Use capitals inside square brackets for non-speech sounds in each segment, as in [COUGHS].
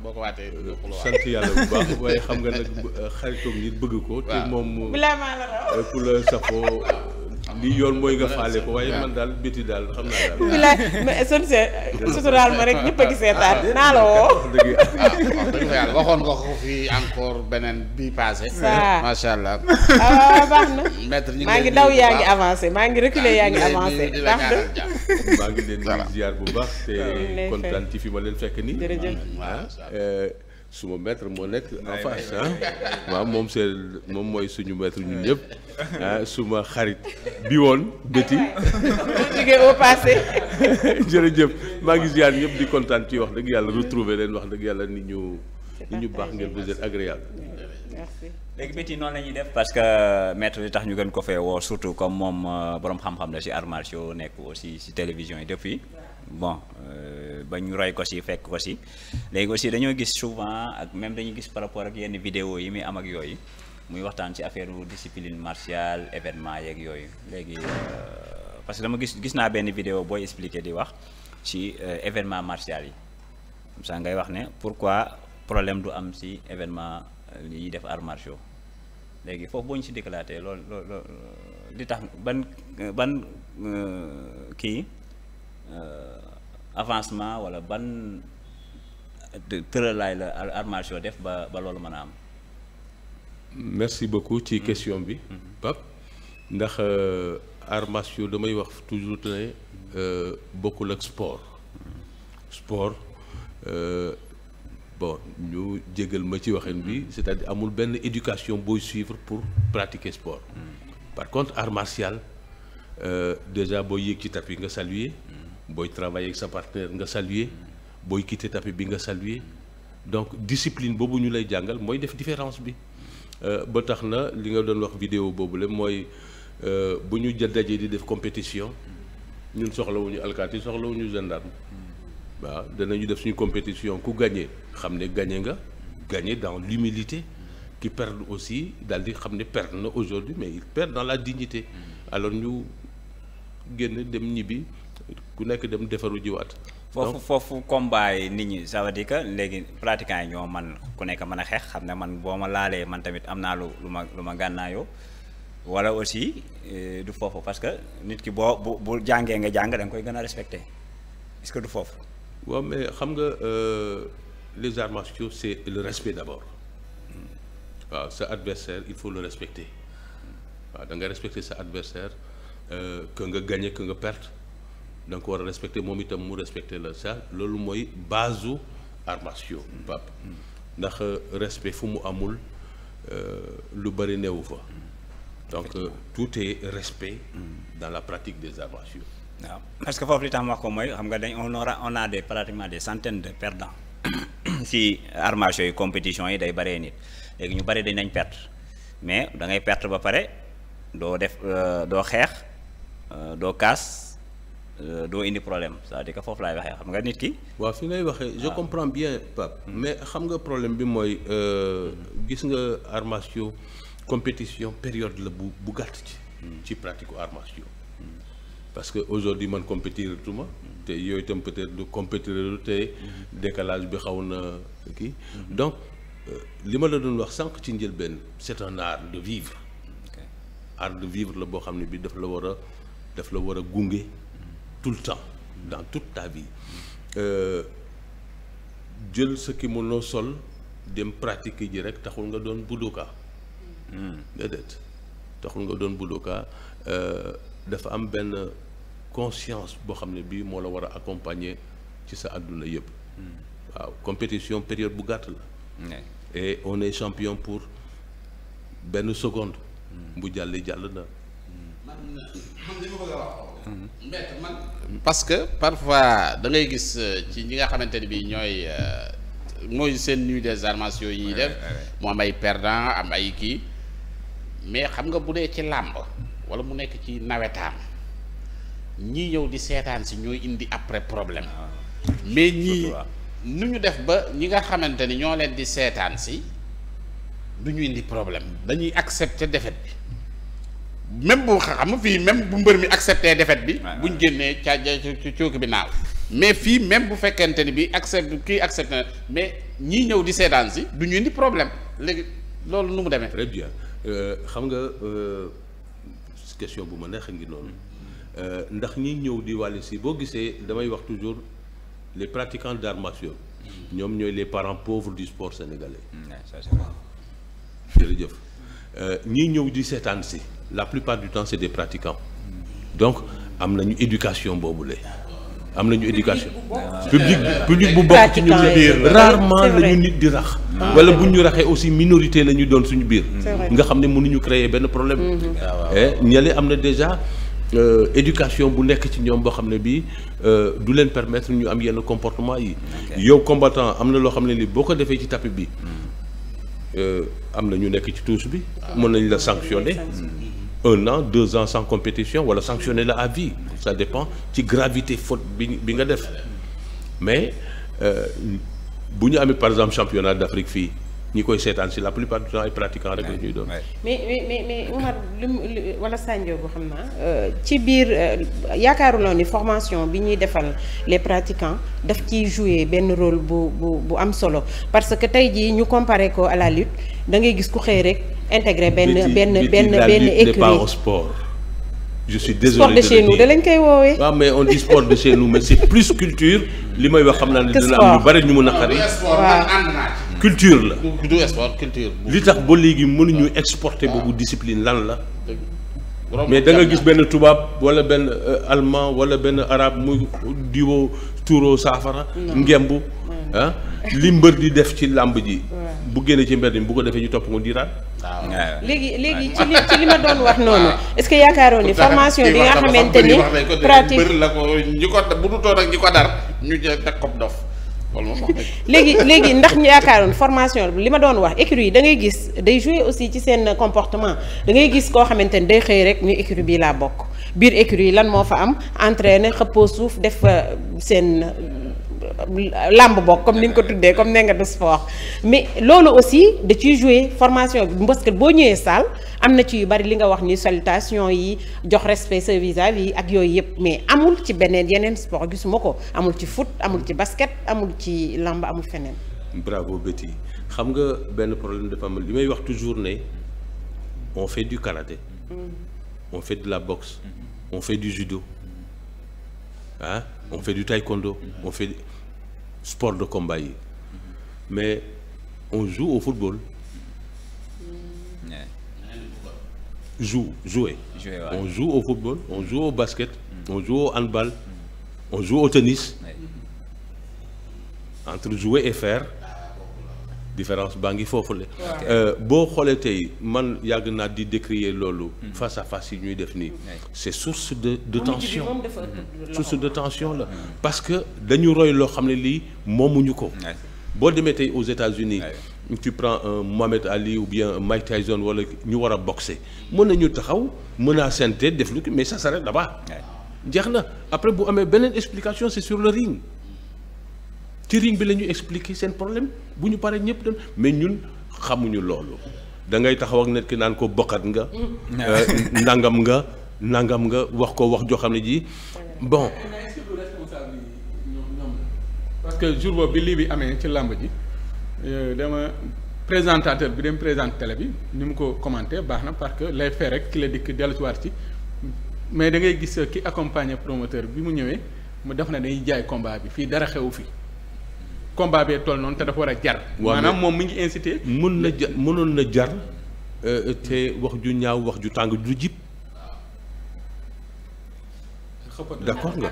boo ko waatee sant yàlla bu baax waaye xam nga nag xaritoom nit bëgg ko. te moom. ku la safoo. lii yoon mooy nga faale ko waaye man daal béti daal xam naa daal. bilaay mais son se suturaal ma rek ñëpp a gisee taat ah, naa la ah, ah, waxoon nga ko beneen bii passé. macha allah. baax na. maa ngi daw yaa ngi avancé maa ngi reculé yaa ngi avancé. maa ngi leen di ziar bu baax. te kontaan ci fi ma leen fekk nii. suma metre moo nekk en face ah waaw moom c'est moom mooy suñu maître ñun ñëpp ah suma xarit bi woon bëti jógee au passé [LAUGHS] jërëjëf maa ngi di kontaan ci wax dëgg yàlla retrouver leen wax dëgg yàlla nit ñu nit ñu baax ngeen vous êtes agréable léegi béti noonu la ñuy def parce que maître li tax ñu gën ko fee woo surtout comme moom euh, borom xam-xam la si art martiaux nekk aussi si télévision yi depuis bon euh, ba ñu roy ko si fekk ko si léegi aussi dañoo gis souvent ak même dañuy gis par rapport ak yenn vidéo yi muy am ak yooyu muy waxtaan ci affaire discipline martiale événement yeeg yooyu léegi euh, parce que dama gis gis naa benn vidéo booy expliquer di wax ci euh, événement martial yi comme ça ngay wax ne pourquoi problème du am si événement yi def arts martiaux léegi foofu boo ñu si déclaté loolu loolu li tax ban ban kii. avancement wala ban tëralaay la arts martiaux def ba ba loolu mën a am. merci beaucoup ci question bi. Mm-hmm. Mm-hmm. Pape ndax euh, arts martiaux damay wax toujours ne euh, bokkul ak sport. Mm-hmm. sport euh, bon ñu jégal ma ci waxin bi c'est-à-dire amul benn éducation booy suivre pour pratiquer sport. par contre art martial déjà boo yéeg ci tapis nga saluer. booy travailler avec sa partenaire nga saluer booy quitter tapis bi nga saluer donc discipline boobu ñu lay jàngal mooy def différence bi euh, ba tax na li nga doon wax vidéo boobu la mooy euh, bu ñu dajee di def compétition ñun soxlawuñu alkaati soxlawuñu gendarme waaw danañu def suñu compétition ku gagné xam ne gagné nga gagné dans l'humilité ki perd aussi daal di xam ne perd na aujourd'hui mais il perd dans la dignité alors ñu génn dem ñibbi ku nekk dem defaru jiwaat. foofu foofu combat yi nit ñi ça que léegi pratiquants yi ñoo man ku nekk mën a xeex xam ne man boo ma laalee man tamit am naa lu ma lu ma gànnaayoo wala aussi euh, du foofu parce que nit ki boo bu bu jàngee nga jàng danga koy gën a respecter est que du foofu. xam nga euh, les arts martiaux c'est le respect d'abord hmm. waaw sa il faut le respecter waaw da nga respecter sa adversaire euh, que nga gagner que nga perte da nga ko war a respecté moom itam mu respecté la ça loolu mooy base u arts martiaux Pape ndax respect fu mu amul euh, lu bëri newu fa donc euh, tout est respect dans la pratique des arts martiaux parce que foofu li tax ko mooy xam nga dañ on aura a des pratiquement des centaines de perdants [COUGHS] si arts yi compétition yi day bëree nit léegi ñu bëri dañ nañ perte mais da ngay perte ba pare doo def euh, doo xeex doo kaas Euh, doo indi problème c'est-à-dire foofu laay waxee xam nga nit ki. waaw fi ngay waxee je ah. comprends bien Pape. Hmm. mais xam nga problème bi mooy euh, gis nga arts martiaux compétition période la bu bu gàtt ci. Hmm. ci pratique arts hmm. parce que aujourd'hui man compétir tuma te yooyu tam peut-être du compétir lu te décalage bi xaw na kii donc euh, li ma la doon wax sànq ci njëlbeen c'est un art de vivre art de vivre la boo xam ne bi daf la war a daf la war a gunge tout le temps dans toute ta vie euh, jël sa kimono sol dem pratiquer ji rek taxul nga doon budoka hmm. taxul nga doon budoka euh, dafa am benn conscience boo xam ne bii moo la war a accompagner ci sa àdduna yëpp hmm. waaw compétition période bu gàtt la et on est champion pour benn seconde hmm. bu jàllee jàll na maître man parce que parfois da ngay gis euh, ci ñi nga xamante ni bii ñooy euh, mooy seen nuit des armes yooyu ñuy def mu am ay perdant am ay kii mais xam nga bu dee ci làmb wala mu nekk ci nawetaan ñii ñëw di seetaan si ñooy indi après problème ah. mais ñi nu ñu def ba ñi nga xamante ni ñoo leen di seetaan si du ñu indi problème dañuy accepter défaite bi même bu xam nga fii même bu mbër mi accepté défaite bi. buñ génnee ca ca cooki bi naaw. mais fii même bu fekkente ni bi accepté kii accepté na mais ñii ñëw di seetaan si du ñu indi problème léegi loolu nu mu demee. très bien euh, xam nga euh, question bu ma neex a ngi noonu euh, ndax ñi ñëw di wàll si boo gisee damay wax toujours les pratiquants d'arts martiaux ñoom ñooy les parents pauvres du sport sénégalais. Mm, jërëjëf ñii ñëw di seetaan si. la plupart du temps c'est des pratiquants donc am nañu éducation boobu la am nañu éducation public public bu bokk ci la ñu nit di rax ah, wala bu ñu raxee aussi minorité la ñu doon suñu biir nga xam ne mënuñu créer benn problème mm-hmm. ah, eh, ñale am na déjà euh, éducation bu nekk ci ñoom boo xam ne bii euh, du leen permettre ñu am yenn comportement yi yow combattant am na loo xam ne ni boo ko defee ci tapis bi mm. euh, am na ñu nekk ci tuus bi mën nañ la sanctionner mm. un an deux ans sans compétition wala sanctionner la à vie ça dépend ci gravité faute bi bi nga def mais euh, bu ñu amee par exemple championnat d'Afrique fii ñi koy seetaan si la plupart du temps ay pratiquants rek la doon. mais mais mais Umar lu wala Sadio bu xam naa euh, ci biir euh, yaakaaruloo ni formation bi ñuy defal les pratiquants daf ciy jouer benn rôle bu bu bu am solo parce que tey jii ñu comparer ko à la lutte da ngay gis ku xëy rek. intégré benn benn benn benn écurie au sport je suis désolé de chez nous lañ koy woowee. waaw mais on dit sport de chez nous mais c'est plus culture li may wax xam naa ne dina am ñu bari ñu mun a xari culture la. du sport culture. li tax ba léegi mënuñu exporter boobu discipline lan la. mais da nga gis benn tubaab wala benn euh, allemand wala benn arabe mu diwo tuuro saafara. ngemb ah, li mbër di def ci làmb ji. bu génnee ci mbedd mi bu ko defee ñu topp nga diiraat. léegi léegi ci li ci li ma doon wax noonu est-ce que yaakaaroon ni formation bi nga xamante ni pratique bëri la ko ñi ko bu dutoon ak ñi ko dar ñu teg ko dof léegi léegi ndax ñu yaakaaroon formation li ma doon wax écurie yi da ngay gis day jouer aussi ci seen comportement dangay gis koo xamante ni day xëy rek ñu écurie bii laa bokk biir écurie yi lan moo fa am entraîner xëppoo suuf def seen làmb bokk comme ni nga ko tuddee comme nee nga des sport mais loolu aussi da ciy jouer formation bi parce boo ñëwee salle am na ci yu bari li nga wax ni salutation yi jox respect sa vis vis ak yooyu yëpp mais amul ci beneen yeneen sport gisuma ko amul ci foot amul ci basket amul ci làmb amul feneen. bravo Betty xam nga benn problème de am li may wax toujours ne on fait du karaté. Mm. on fait de la boxe. Mm-hmm. on fait du judo on fait du taekwondo mm-hmm. on fait. sport de combat yi mais on joue au football. joue jouer. jouer ouais. on joue au football on joue au basket. Mm. on joue au handball. on joue au tennis. entre jouer et faire. différence baa ngi foofu foofule. Euh, boo xoolee tey man yàgg naa di décrier loolu. Hmm. face à face yi ñuy def nii. c' est source de de tension source de tension la. Hmm. parce que dañu roy loo xam ne lii moomuñu ko. boo demee tey aux États-Unis tu prends un Mohamed Ali ou bien Mike Tyson wala ñu war a boxer mën nañu taxaw mën a sente def lu mais sa s'arrête là-bas jeex na après bu amee beneen explication c' sur le ring. ci ring bi la ñuy expliquer seen problème bu ñu paree ñëpp dem mais ñun xamuñu loolu da ngay taxaw ak nit naan ko bokkat nga. Mm. Euh, [LAUGHS] nangam nga nangam nga wax koo wax joo xam ne ji bon. parce que jour boobu bi lii bi amee ci làmb ji euh, dama présentateur bi dem présente télé bi nu mu ko commenté baax na parce que lay fee rek ki la dikk dellu ci waat ci mais da ngay gis ki accompagner promoteur bi mu ñëwee mu def na dañuy jaay combat bi fii dara xew fi. combat bee toll noonu te dafa war a jar. maanaam moom mu ngi incité. mun na ja mënoon na jar euh, euh, te wax ju ñaaw wax ju tàng du jib. d'accord nga.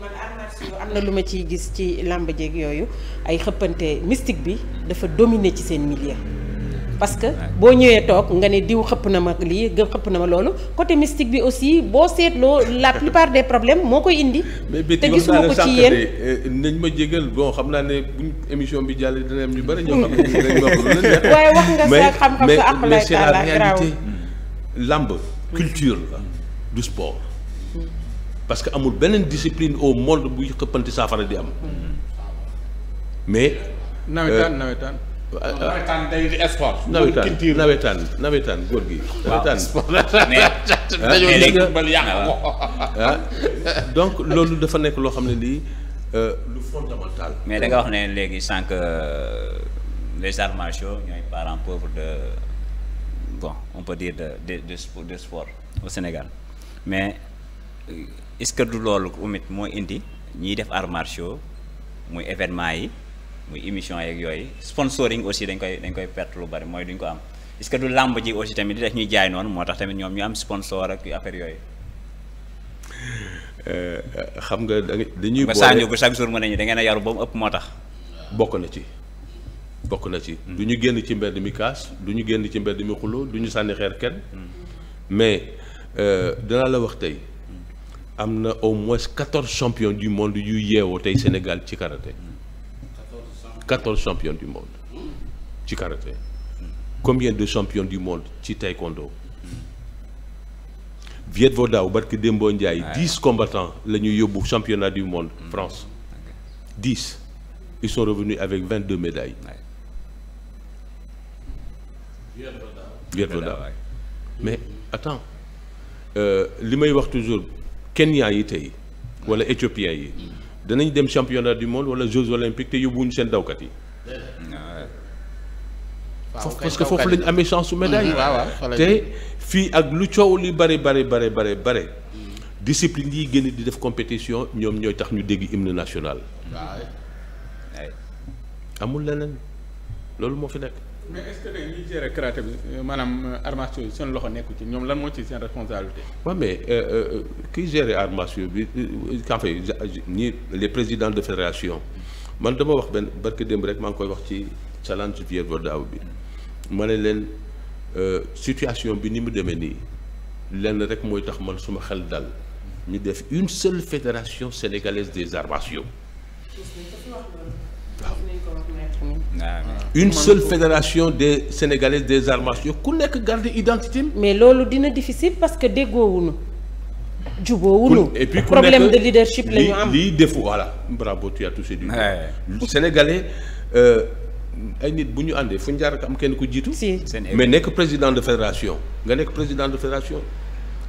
man armation am na lu ma ciy gis ci làmb jeeg yooyu ay xëppante mystique bi dafa dominer ci seen milieu. parce que boo ñëwee toog nga ne diw xëpp na ma lii xëpp na ma loolu côté mystique bi aussi boo seetloo la plupart des problème moo koy indi. te gisuma ko ci yéen euh, nañ ma jegal bon xam naa ne buñ émission bi jàllee dana am ñu bëri ñoo xam ne [LAUGHS] waaye wax nga sa xam-xam sa àq lay taalaa garaaw culture la du sport parce que amul beneen discipline au monde buy xëppanti saafara di am mm. mais nawetaan euh, nawetaan nawetaan day di sport. nawetaan nawetaan nawetaan góor gi. [LAUGHS] Ah, dañoo lekk ah. ah. donc loolu dafa nekk loo xam ne lii euh, lu fondamental. mais danga wax ne léegi sànq euh, les arts martiaux ñooy parents pauvres de bon on peut dire de de de de sport au Sénégal mais euh, est-ce que du loolu umit moo indi ñiy def arts martiaux muy événement yi. muy émission yeeg yooyu sponsoring aussi dañ koy dañ koy perte lu bari mooy duñ ko am est que du làmb ji aussi tamit di def ñuy jaay noonu moo tax tamit ñoom ñu am sponsor ak affaire yooyu. Euh, euh, xam nga da dañuy. boole Sadio bu chaque jour mën nañu da ngeen a yaru ba mu ëpp moo tax. bokk na ci. bokk na ci hmm. du ñu génn ci mbedd mi kaas du ñu génn ci mber mbedd mi xuloo du ñu sànni xeer kenn. Hmm. mais euh, danaa la wax tey hmm. am na au moins quatorze champions du monde yu yeewoo tey Sénégal ci karaté. 14 champions du monde ci karaté combien de champions du monde ci taekwondo Viet Vo Dao barki Dembo Ndiaye dix combattants la ñuy yóbbu championnat du monde mm. France dix ils sont revenus avec vingt deux médailles Viet Vo Dao mais attends euh, li may wax toujours Kenya yi tey wala éthiopiens yi mm. danañ dem championnat du monde wala Jeux olympiques te yóbbuwuñu seen dawkat yi. waaw foofu lañ amee chance su médaille. Mm-hmm. te fii ak lu coow li bare bare bare bare bare. discipline yi génn di def compétition ñoom ñooy tax ñu dégg hymne national. amul leneen loolu moo fi nekk. mais est-ce que léegi ñuy bi euh, maanaam euh, arts yi seen loxo nekku ci ñoom lan moo ci seen responsabilité. waaw mais kiy gérer arts martiaux bi en fait nii les présidents de fédération man dama wax benn barke démb rek maa ngi koy wax ci challenge Vieux Vodaaw bi ma ne leen euh, situation bi ni mu demee nii lenn rek mooy tax man suma xel dal ñu def une seule fédération sénégalaise des arts Ah, une seule fédération de sénégalaises des arts martiaux ku nekk garder identité mais loolu dina difficile parce que déggoowuñu jubóowuñu et puis problème de leadership la ñu am lii defu voilà bravo tu as touché du doigt sénégalais euh, ay nit bu ñu àndee fu ñu jaar am kenn ku jiitu mais nekk président de fédération nga nekk président de fédération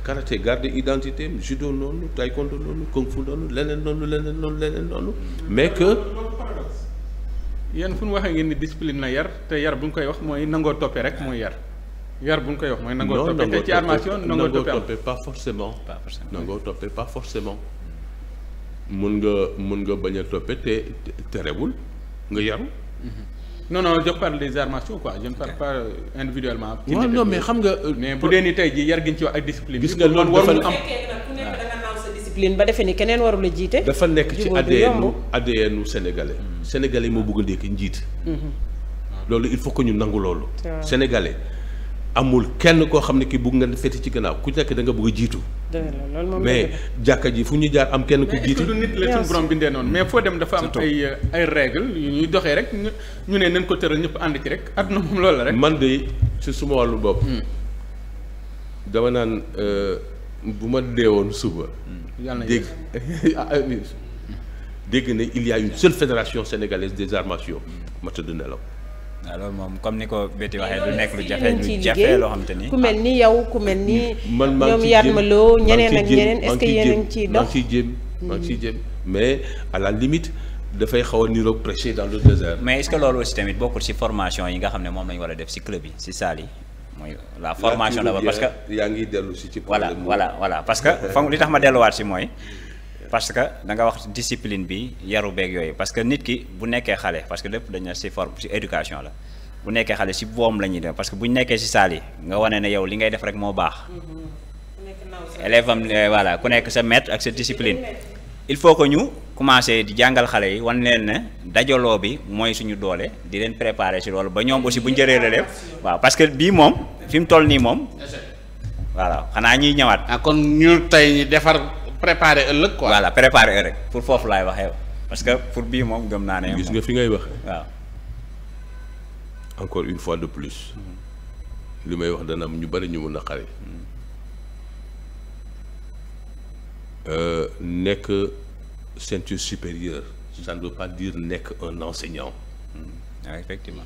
karaté garder identité judo noonu taekwondo noonu kung fu noonu leneen noonu leneen noonu leneen noonu mais que yéen fu nu waxee ngeen ni discipline la yar te yar bu ñu koy wax mooy nangoo toppee rek mooy yar yar bu ñu koy wax mooy nangoo toppee te ci armation nangoo toppee pas forcément nangoo toppee pas forcément mun nga mun nga bañ a toppee te terewul nga yaru mhm. non non je parle des arts martiaux quoi je ne parle pas euh, individuellement. waaw non mais xam nga. Euh, mais bu dee ni tey jii yar gi ñu ci wax ak discipline. gis nga loolu dafa am discipline ba defe ni keneen warul a jiite. dafa nekk ci ADN ADN sénégalais. Mm-hmm. sénégalais moo bëgg a nekk njiit. Mm-hmm. loolu il faut que ñu nangu loolu. sénégalais amul kenn koo xam ne ki bëgg nga feti ci gannaaw ku nekk da nga bëgg a jiitu. mais jàkka ji fu ñu jaar am kenn ku jiitu. la suñu borom bindee noonu mais foo dem dafa am ay euh, ay ñuy doxee rek ñu ne nañ ko tëral ñëpp ànd ci rek àdduna moom loolu la man de ci suma wàllu bopp. Hmm. dama naan. Euh, bu ma dee deewoon suba. yàlla dégg [LAUGHS] ah, dégg na il y a une seule fédération sénégalaise des arts martiaux ma tëdd nelaw. waaw ah, loolu moom comme ni ko Betty waxee du nekk lu jafe lu jafe loo xam ni ku mel ni yow ku mel ni. man maa ngi ciy jéem ñoom ñeneen ak ñeneen est-ce a ngi ciy dox maa ngi ciy jéem mais à la limite. dafay xaw a niroog prêcher dans le désert. mais est loolu aussi tamit bokkul ci formation yi nga xam ne moom la ñu war a def ci club yi ci salle yi mooy la formation d'abord parce que yaa ngi dellu si ci voilà parce que fa li tax ma delluwaat si mooy parce que da nga wax discipline bi yaru beeg yooyu parce que nit ki bu nekkee xale parce que lépp dañ na si forme si éducation la bu nekkee xale si boom la ñuy dem parce que bu ñu nekkee si saal yi nga wane ne yow li ngay def rek moo baax mm-hmm. élève am euh, voilà ku nekk sa maître ak sa discipline il faut que ñu commencé di jàngal xale yi wan neen ne dajaloo bi mooy suñu doole di leen préparer si loolu ba ñoom si bu njëree la lépp waaw parce que bii moom fi mu toll nii moom voilà xanaa ñuy ñawaat ak ah, kon ñu tey defar préparer ëllëg quoi. voilà préparer ëllëg pour foofu laay waxee parce que pour bii moom gëm naa ne. gis nga fi ngay wax waaw. encore une fois de plus. li may wax dana am ñu bari ñu mun a xare mm-hmm. euh, nekk. ceinture supérieure ça ne veut nekk un enseignant. ah effectivement.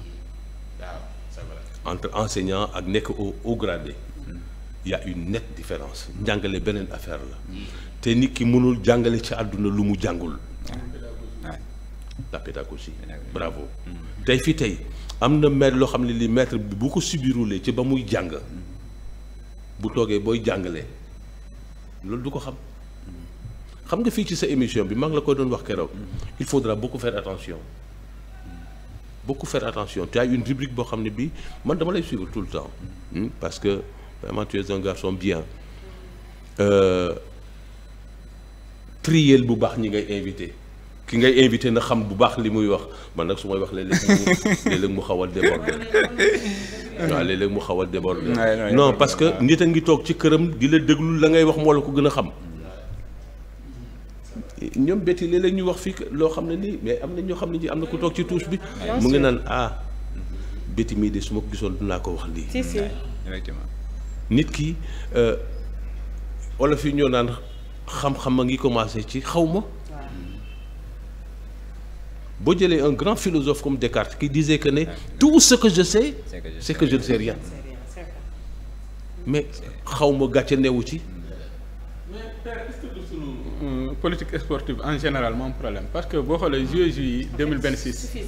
waaw entre enseignant ak nekk au haut gradé. Hmm. y une nette différence. njàngale hmm. beneen affaire la. te nit ki mënul jàngale ci àdduna lu mu jàngul. la pédagogie tey fii tey am na maître loo xam ne li maître bi bu ko subirulee ci ba muy jàng. bu toogee booy jàngale loolu du ko xam. xam nga fii ci sa émission bi mag la koy doon wax keroog il faudra beaucoup faire attention beaucoup faire attention tu as une rubrique boo xam ne bii man dama lay suivre tout le temps hmm, parce que vraiment tu es un garçon euh, bu baax ñi ngay invité ki ngay invité na xam bu baax li muy wax man nag su may wax léeg-léeg mu [LAUGHS] xaw a déborder waaw léeg-léeg mu xaw a déborder non parce que nit a ngi toog ci këram di la déglu la ngay wax moo la ko gën a xam ñoom bétti léeg-léeg wax fii loo xam ne nii mais am na ñoo xam ne nii am na ku toog ci touche bi. mu ngi naan ah bétti mii de su ma ko gisoon dinaa ko wax lii. si si effectivement nit ki euh, olof yi ñoo naan xam-xam a ngi commencé ci xaw ma. boo jëlee un grand philosophe comme Descartes qui disait que ne tout ce que je sais. c'est que je ne mais xaw ma gàcce newu ci. Mm. politique sportive en général moom problème parce que boo xoolee juillet juillet 2026.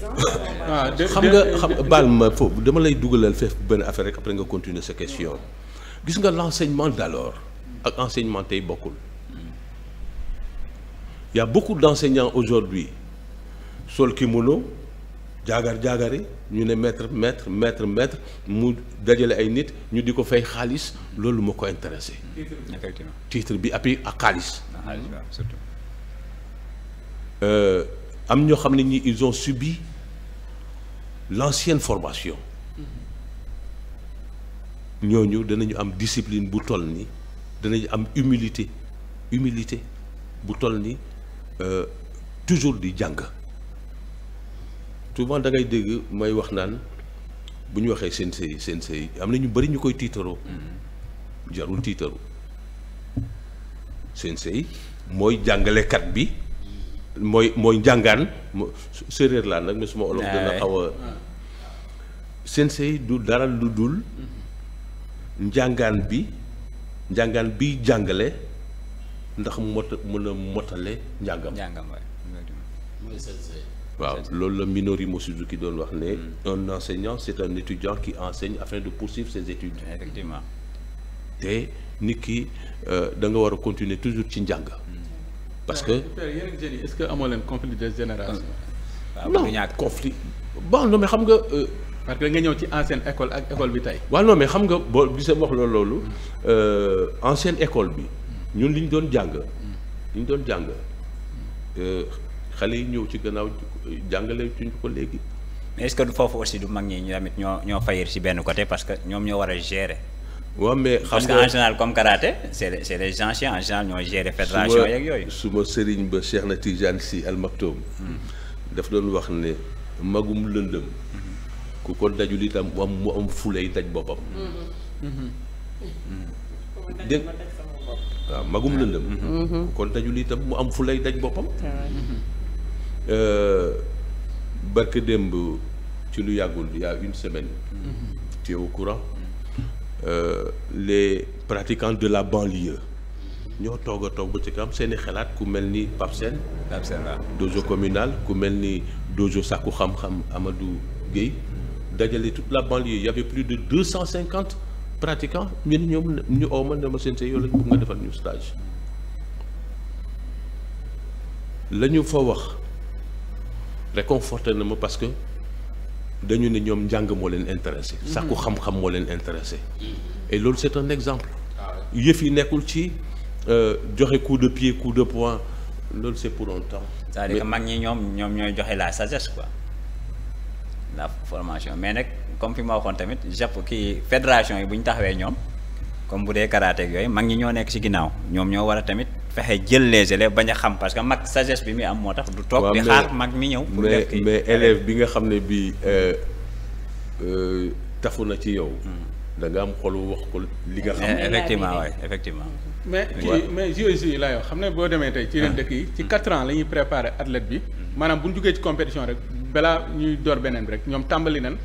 waaw xam nga xam baal ma foofu dama lay dugalal feef benn affaire rek après nga continuer sa question gis nga l'enseignement d'alors ak enseignement tey bokkul y a beaucoup d'enseignants aujourd'hui sol kimono jaagar jaagar yi ñu ne maître maître maître maître mu dajale ay nit ñu di ko fay xaalis loolu moo ko intéressé. titre bi appui ak xaalis. Ah, euh, am ñoo xam ne ñi ils ont subi l'ancienne formation. Mm-hmm. ñooñu danañu am discipline bu toll ni danañu am humilité humilité bu toll ni euh, toujours di jàng. souvent da ngay dégg may wax naan bu ñu waxee seen sëy seen sëy am na ñu bëri ñu koy tiitaroo mm-hmm. jarul tiitaru seen sëy mooy jàngalekat bi mooy mooy njàngaan séeréer laa nag mais suma olof dana ah, xaw ah. seen sëy du dara lu dul mm-hmm. njàngaan bi njàngaan bi jàngale ndax mot mën a motale njàngam njàngam waaw loolu la Minoru Mochizuki doon wax ne. Hmm. un enseignant c'est un étudiant qui enseigne afin de poursuivre ses études. effectivement te nit ki euh, da nga war a continuer toujours ci njàng. Hmm. parce que yéen ce que amoo leen conflit de génération. Ah, non conflit bon non mais xam nga. Euh, parce que nga ñëw ci ancienne école ak école bi tey. waaw non xam nga bi gisee wax loolu loolu euh, ancienne école bi ñun li ñu doon jàng. Hmm. li ñu doon jàng. xale yi ñëw ci gannaaw jàngale tuñ ko léegi. est-ce que du foofu aussi du mag ñi ñu tamit ñoo ñoo fayir ci benn côté parce que ñoom ñoo war a gérer. waaw mais xam nga en général comme karaté c'est c'est les anciens en général ñoo gérer fédération yooyu. su ma sëriñ ba Cheikh na Tijaan si Al Maktoum. Hmm. daf doon wax ne magum lëndëm. Hmm. ku ko dajul itam mu am mu am fulay hmm. magum lëndëm. ku ko dajul itam mu am fulay daj boppam. Euh, barke démb ci lu yàggul il y a une semaine. tu es courant euh, les pratiquants de la banlieue. ñoo toog a toog ba ci kanam seeni i xalaat ku mel ni Pape Sène. Pape Sène waaw dojo communal ku mel ni dojo Sakku Xam-Xam Amadou Guèye. dajale toute la banlieue y avait plus de deux cent cinquante pratiquants ñu ne ñoom ñu oo ma seen see yow la ñu nga defal ñu stage la fa wax. réconforté na ma parce que dañu ne ñoom njàng moo leen intéressé. Mhm. sàkku xam-xam moo leen intéressé. Mhm. et loolu c'est un exemple. Ah yëf yi nekkul ci euh, joxe coup de pied coup de poing loolu c'est pour un temps. cest à mag ñi ñoom ñoom ñooy joxe la sagesse quoi la formation mais nag comme fi ma waxoon tamit jàpp kii fédération yi bu ñu taxawee ñoom comme bu dee karaté yooyu mag ñi ñoo nekk ci ginnaaw ñoom ñoo war tamit. fexe jël les élèves bañ a xam parce que mag sagesse bi muy am moo tax du toog di xaar mag mi ñëw pour def kii mais élève bi nga xam ne bii euh, euh, tafu na ci yow hmm. da am xolu wax ko li nga xam eh, mais kii mais yoo xam ne boo demee tey ci yeneen dëkk yi ci hmm. quatre ans la ñuy préparer athlète bi hmm. maanaam bu ñu jugee ci compétition rek balaa ñuy door beneen bi rek ñoom tàmbali nan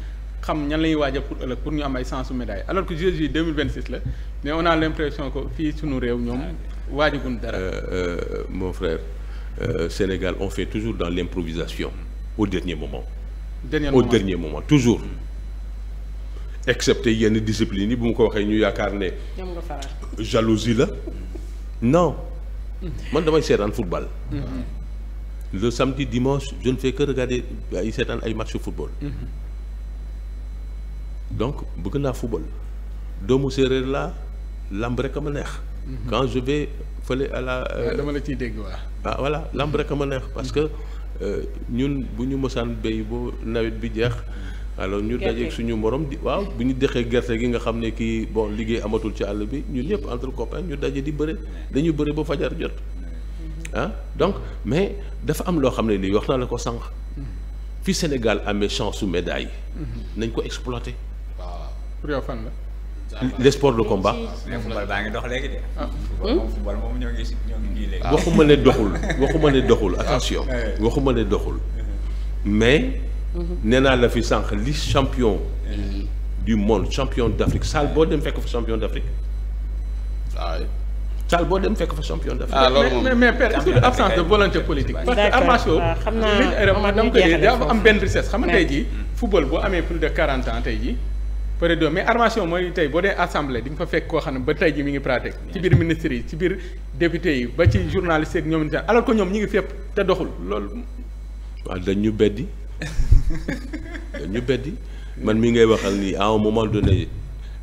xam ñan la ñuy waajal pour ëllëg ñu am ay sens su médaille alors que JOJ 2026 la mais on a l' ko que fii suñu réew ñoom ah, waajagun dara euh, euh, mon frère euh, Sénégal on fait toujours dans l'improvisation au dernier moment. dernier au moment au dernier moment toujours. excepté yenn discipline yi bu ma ko waxee ñu yaakaar ne. jalousie la. non man damay seetaan football. le samedi dimanche je ne fais que regarder ay seetaan ay match football. donc bëgg naa football doomu séeréer laa lamb rek a ma neex. quand je vais fële à la. Euh, ah, dama la ciy dégg waa. ah voilà lamb rek a ma neex parce que euh, ñun bu ñu mosaan béy boo nawet bi jeex. alors ñu dajeeg suñu morom di waaw bu ñu dexee gerte gi nga xam ne kii bon liggéey amatul ci àll bi ñun ñëpp entre copains ñu daje di bëre dañu bëre ba fajar jot ah donc mais dafa am loo xam ne lii wax naa la ko sànq fi Sénégal amee chance su médaille. Mhm. nañ ko exploité. les sports de combat. football baa ngi dox léegi de. Ah. Hmm? football moom ñoo ngi ñoo ngi waxuma ne doxul waxuma ah, waxuma ne doxul mm-hmm. mais. Mm-hmm. nee naa la fi sànq li champion. Mm-hmm. du monde champion d'Afrique salle boo dem fekk fa champion d'Afrique. waaw. boo dem fekk fa champion d'Afrique. Ah, mais mais absence de volonté politique. parce que arts martiaux xam naa dama koy am benn richesse xam nga tey jii football boo amee plus de 40 ans tey jii. période mais armation mooy tey boo dee assemblée di nga fa fekk koo xam ne ba tey ji mi ngi pratique ci biir ministres yi ci biir députés yi ba ci journalistes yi ñoom itam alors que ñoom ñi ngi fépp te doxul loolu. waa dañ ñu beddi [LAUGHS] dañ beddi man mi ngay waxal nii à un moment donné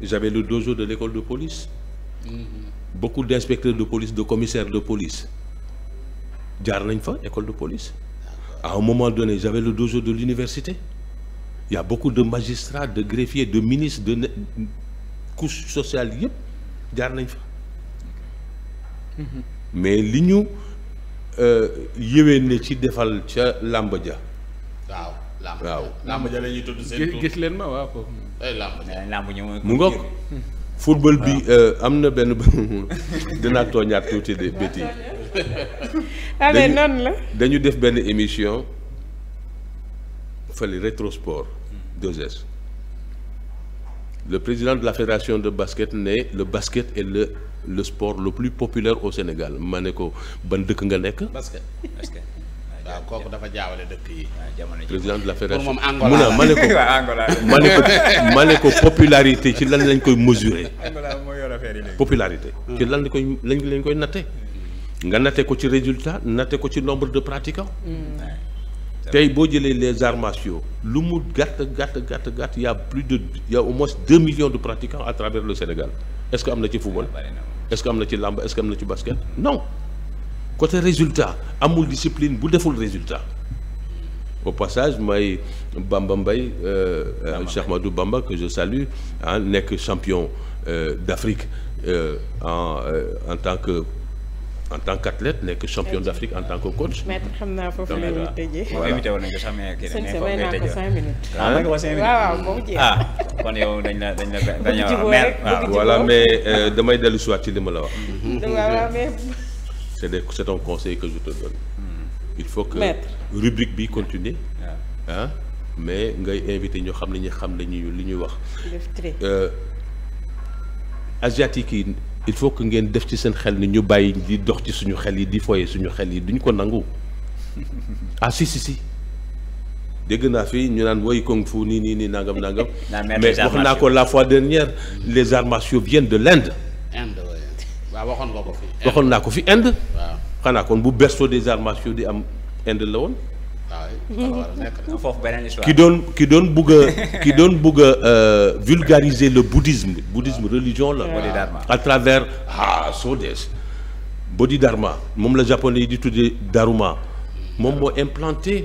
j'avais le dojo de l'école de police. Mm-hmm. beaucoup d'inspecteurs de police de commissaires de police jaar nañ fa école de police. à un moment donné j'avais le dojo de l'université yaa y de magistrats de greffiers de ministres de ne couche sociale yëpp jaar nañ fa mais li ñu euh, yéwee ne ci defal ca làmb ja waaw waaw làmb ja la ñuy leen ma waaw foofu eh, mu ngoog football bi euh, am na benn [LAUGHS] dinaa tooñaat tuuti de [LAUGHS] béti amee ah, noonu la dañu def benn émission fële rétro sport 2S le président de la fédération de basket ne le basket est le le sport le plus populaire au Sénégal ma ne ko ban dëkk nga nekk. basket basket. [LAUGHS] waaw kooku dafa jaawale dëkk yi. jamono président de la fédération pour moom Angola ma ko [LAUGHS] ma ne ko ma ne ko popularité ci lan lañ koy mesurer. [LAUGHS] Angola mooy yor affaire yi léegi popularité. Hmm. ci lan lañ koy lañ koy natte. Hmm. nga natte ko ci résultat natte ko ci nombre de pratiquants. Hmm. tey boo jëlee les arts lu mu gàtt gàtt gàtt gàtt y' a plus de moins deux millions de pratiquants à travers le Sénégal est ce que am na ci football est ce que am na ci làmb est ce que am na ci basket non côté résultat amul discipline bu deful résultat au passage may Bamba Mbaye euh, euh, Cheikh Ahmadou Bamba que je salue ah nekk champion euh, d'Afrique en en tant que en tant qu'athlète nekk champion d'Afrique en tant que coach. maître xam naa foofu la ñuy tëjee. voilà invité woon nañu ko sax mais ma ko wax waaw dañ dañ la dañ la waaw [LAUGHS] ah, voilà mais euh, damay dellu si ci li la wax. [LAUGHS] waaw mais. [LAUGHS] c'est des c'est un conseil que je te hmm. il faut que rubrique bi continuer ah. mais ngay invité ñoo xam ne ñu xam ne lu ñuy wax. Euh, asiatique yi. il faut que ngeen def ci seen xel ni ñu bàyyi di dox ci suñu xel yi di foye suñu xel yi duñu ko nangu [LAUGHS] ah si si si dégg naa fi ñu naan woy kung fu nii nii nii nangam nangam. [LAUGHS] mais wax naa ko la fois dernière les arts martiaux viennent de l'Inde. Inde waaw waxoon nga ko fi. waxoon naa ko fi Inde. waaw xanaa kon bu berceau des arts martiaux di am Inde la woon. [LAUGHS] foofu beneen histoire ki doon ki doon bugg a [LAUGHS] ki euh, vulgariser le bouddhisme bouddhisme ah. religion la à travers ah Sodes Bodhidharma moom la japonais yi di tuddee Daruma moom moo implanté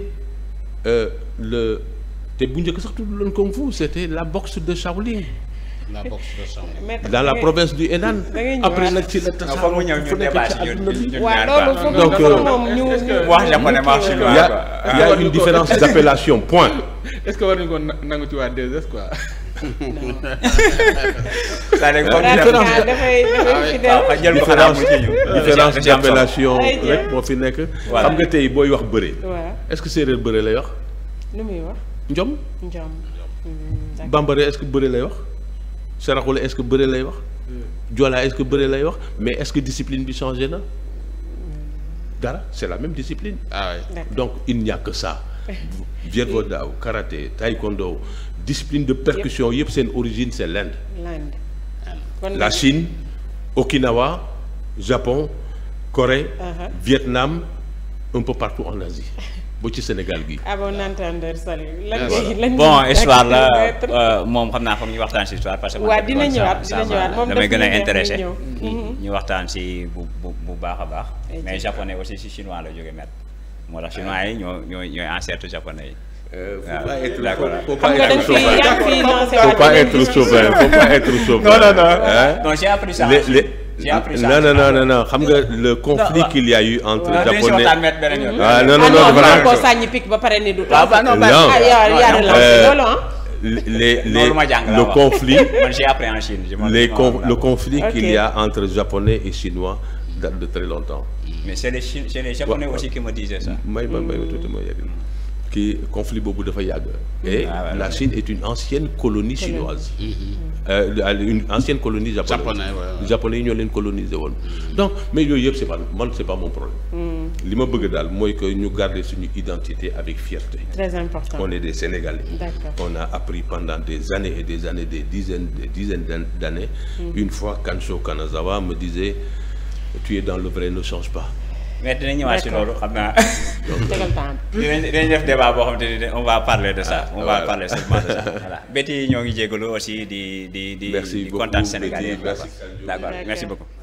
euh, le te bu njëkk sax tudd loon kung fu c'était la boxe de Shaolin la boxe de la province du Henan. après nag ci la tasaaroo fu nekk ci àdduna bi. donc il y a il y a une différence d'appellation point. est-ce que war nañu ko nangu ci waa 2S quoi. différence d'appellation rek moo fi nekk. xam nga tey booy wax bëre. est-ce que séeréer bëre lay wax. njom. njom. est-ce que bëre lay wax. saraxule est-ce que bëre lay wax jola est-ce que bëre lay wax mais est-ce que discipline bi changé na dara c'est la même discipline ah donc il n'y a que ça viet vo daaw karaté discipline de percussion yëpp seen origine c'est l'Inde ah. la Chine Okinawa Japon Corée uh-huh. Vietnam un peu partout en Asie [LAUGHS] ba ci Sénégal gi ah bon entendre salut lan histoire la euh, moom xam naa foog ñu waxtaan si histoire parce que waaw dina ñëwaat dina ñëwaat moom damay gën a intéressé mm-hmm. ñu waxtaan si bu bu bu baax a baax mais japonais aussi si chinois la jóge met moo tax chinois yi ñoo ñooy ñooy ancêtre japonais yi faut pas être souverain faut pas être souverain faut pas être souverain non non non tu as non non non non xam nga le conflit qu'il y a eu entre japonais ah non non ah, non vraiment ko sànni picc ba pare ni du ah, taw ah, euh, non les les le conflit [LAUGHS] j'ai appris en Chine les qu'il y a entre japonais et chinois date de très longtemps mais c'est les Chinois c'est les japonais kii conflit boobu dafa yàgg. Ah, et la Chine est une ancienne colonie chinoise. Mm-hmm. Euh, une ancienne colonie japonaise japonais yi ñoo leen coloniser woon. Mm-hmm. donc mais yooyu yëpp c'est pas mon problème. Mm. li ma bëgg daal mooy que ñu garder suñu identité avec fierté. très important on est des Sénégalais. d'accord on a appris pendant des années et des années des dizaines des dizaines d'années. Mm. une fois Kancho Kanazawa me disait tu es dans le vrai ne change pas. mais dina ñëwaat si loolu xam naa. [LAUGHS] dinañ dinañ def débat boo xam te ne on va parler de ça. Ah, on va parler seulement de [LAUGHS] Betty ñoo ngi jégalu aussi di di di. di kontaan Sénégalais. merci beaucoup d'accord merci beaucoup.